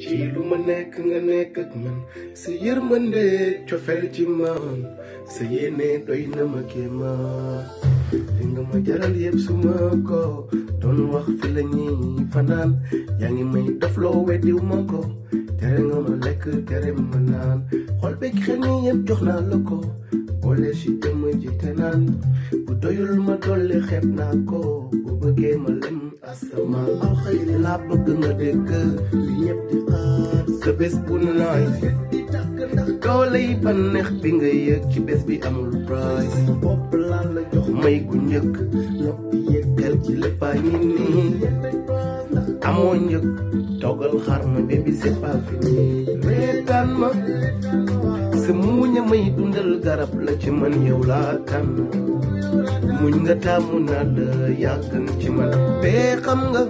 ci ma nekk nga nekk ak man sa yërmande cofeel ci man sa yéene doy na ma kéemaan li nga ma jaral yëpp ma ko doon wax fi la fanaan yaa ngi may dofloo weddiw ma ko tere nga ma lekk tere ma naan xol beeg xel ni yëpp jox naa ko boole si jëmm ji te naan bu doyul ma dolli xeeb naa ko bu bëggee sama alxayri laa bëgg nga dégg li ñëpp di sa bés bu nooy doo lay banneex bi nga yëg ci bés bi amul price bopp laa la jox may gu njëkk noppi yëkkal ci léppaa ngi nii amoo njëkk toggal xar ma bébi c'est pas fini reetaan ma sa muuña may dundal garab la ci man yow laa tànn muñ nga tàmmu naa la yàgg ci man bee xam nga